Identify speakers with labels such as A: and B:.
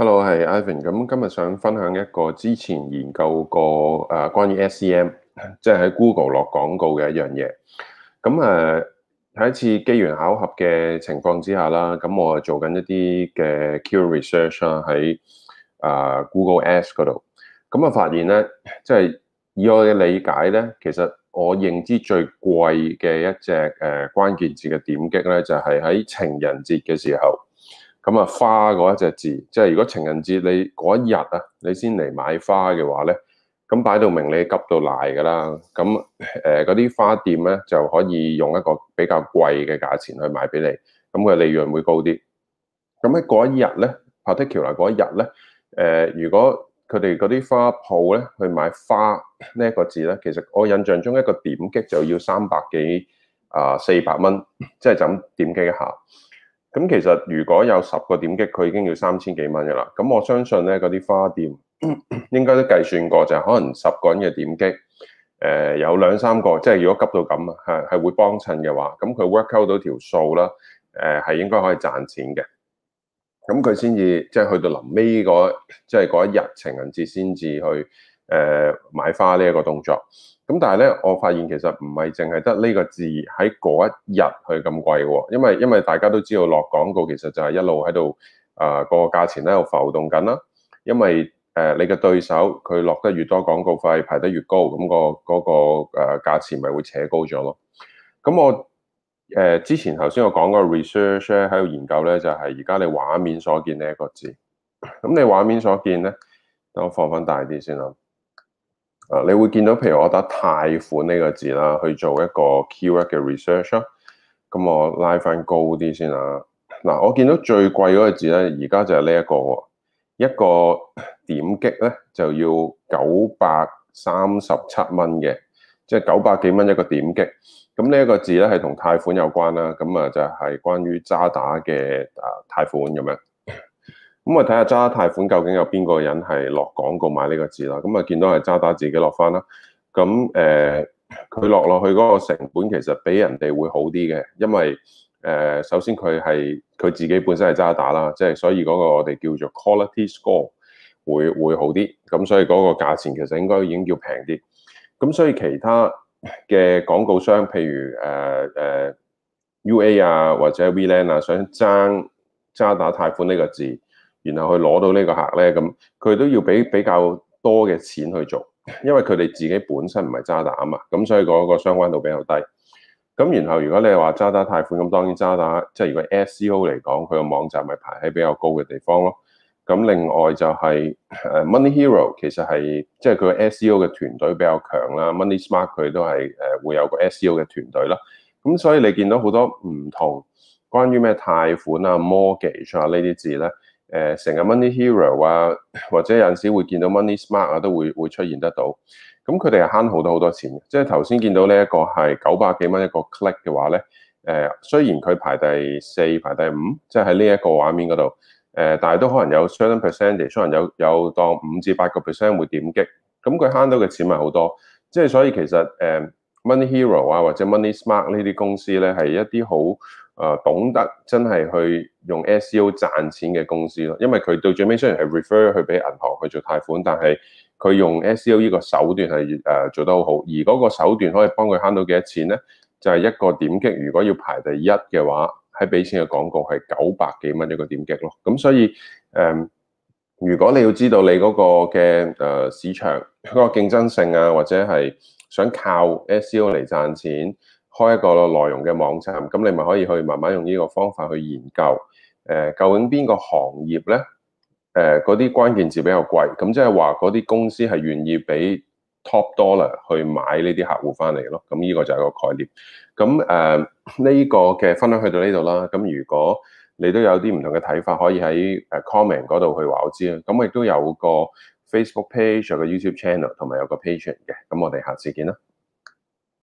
A: Hello，我係 Ivan。咁今日想分享一個之前研究過誒關於 SEM，即係喺 Google 落廣告嘅一樣嘢。咁誒喺一次機緣巧合嘅情況之下啦，咁我做緊一啲嘅 q research 啦，喺啊 Google Ads 嗰度。咁啊發現咧，即係以我嘅理解咧，其實我認知最貴嘅一隻誒關鍵字嘅點擊咧，就係喺情人節嘅時候。咁啊、嗯、花嗰一隻字，即係如果情人節你嗰一日啊，你先嚟買花嘅話咧，咁擺到明你急到賴㗎喇。咁誒嗰啲花店咧就可以用一個比較貴嘅價錢去買畀你，咁佢利潤會高啲。咁喺嗰一日咧，particular 嗰一日咧，誒、呃、如果佢哋嗰啲花鋪咧去買花呢一個字咧，其實我印象中一個點擊就要三百幾啊四百蚊，即、呃、係就咁、是、點擊一下。咁其實如果有十個點擊，佢已經要三千幾蚊嘅啦。咁我相信咧，嗰啲花店 應該都計算過，就係、是、可能十個人嘅點擊，誒、呃、有兩三個，即係如果急到咁樣係會幫襯嘅話，咁佢 work out 到條數啦。誒、呃、係應該可以賺錢嘅，咁佢先至即係去到臨尾嗰即係一日情人節先至去誒、呃、買花呢一個動作。咁但係咧，我發現其實唔係淨係得呢個字喺嗰一日去咁貴喎、哦，因為因為大家都知道落廣告其實就係一路喺度啊個價錢喺度浮動緊啦、啊，因為誒、呃、你嘅對手佢落得越多廣告費，排得越高，咁、嗯那個嗰、那個誒、呃、價錢咪會扯高咗咯。咁我誒、呃、之前頭先我講個 research 咧喺度研究咧，就係而家你畫面所見呢一個字。咁你畫面所見咧，等我放翻大啲先啦。啊！你會見到，譬如我打貸款呢個字啦，去做一個 keyword 嘅 research 啦。咁、啊、我拉翻高啲先啊。嗱，我見到最貴嗰個字咧，而家就係呢一個，一個點擊咧就要九百三十七蚊嘅，即係九百幾蚊一個點擊。咁呢一個字咧係同貸款有關啦。咁啊就係關於渣打嘅啊貸款咁樣。咁啊，睇下渣打貸款究竟有邊個人係落廣告買呢個字啦。咁啊，見到係渣打自己落返啦。咁誒，佢落落去嗰個成本其實比人哋會好啲嘅，因為誒、呃，首先佢係佢自己本身係渣打啦，即係所以嗰個我哋叫做 quality score 會會好啲。咁所以嗰個價錢其實應該已經叫平啲。咁所以其他嘅廣告商，譬如誒誒、呃啊、UA 啊或者 VLAN 啊，想爭渣打貸款呢個字，然後去攞到呢個客咧，咁佢都要俾比較多嘅錢去做，因為佢哋自己本身唔係渣打啊嘛，咁所以嗰個相關度比較低。咁然後如果你話渣打貸款咁，當然渣打即係、就是、如果 SEO 嚟講，佢個網站咪排喺比較高嘅地方咯。咁另外就係誒 Money Hero 其實係即係佢 SEO 嘅團隊比較強啦。Money Smart 佢都係誒會有個 SEO 嘅團隊咯。咁所以你見到好多唔同關於咩貸款啊、mortgage 啊呢啲字咧。誒成個 MoneyHero 啊，或者有陣時會見到 MoneySmart 啊，都會會出現得到。咁佢哋係慳好多好多錢嘅，即係頭先見到呢一個係九百幾蚊一個 click 嘅話咧，誒雖然佢排第四、排第五，即係喺呢一個畫面嗰度，誒但係都可能有 Certain percentage，可能有有當五至八個 percent 會點擊。咁佢慳到嘅錢咪好多，即係所以其實誒 MoneyHero 啊，或者 MoneySmart 呢啲公司咧，係一啲好。誒懂得真係去用 SEO 賺錢嘅公司咯，因為佢到最尾雖然係 refer 去俾銀行去做貸款，但係佢用 SEO 呢個手段係誒做得好好，而嗰個手段可以幫佢慳到幾多錢呢？就係一個點擊，如果要排第一嘅話，喺俾錢嘅廣告係九百幾蚊一個點擊咯。咁所以誒，如果你要知道你嗰個嘅誒市場嗰個競爭性啊，或者係想靠 SEO 嚟賺錢。開一個內容嘅網站，咁你咪可以去慢慢用呢個方法去研究。誒、呃，究竟邊個行業咧？誒、呃，嗰啲關鍵字比較貴，咁即係話嗰啲公司係願意俾 top dollar 去買呢啲客戶翻嚟咯。咁呢個就係個概念。咁誒，呢、呃呢個嘅分享去到呢度啦。咁如果你都有啲唔同嘅睇法，可以喺誒 comment 嗰度去話我知啦。咁亦都有個 Facebook page 個 channel，個、個 YouTube channel 同埋有個 Patreon 嘅。咁我哋下次見啦。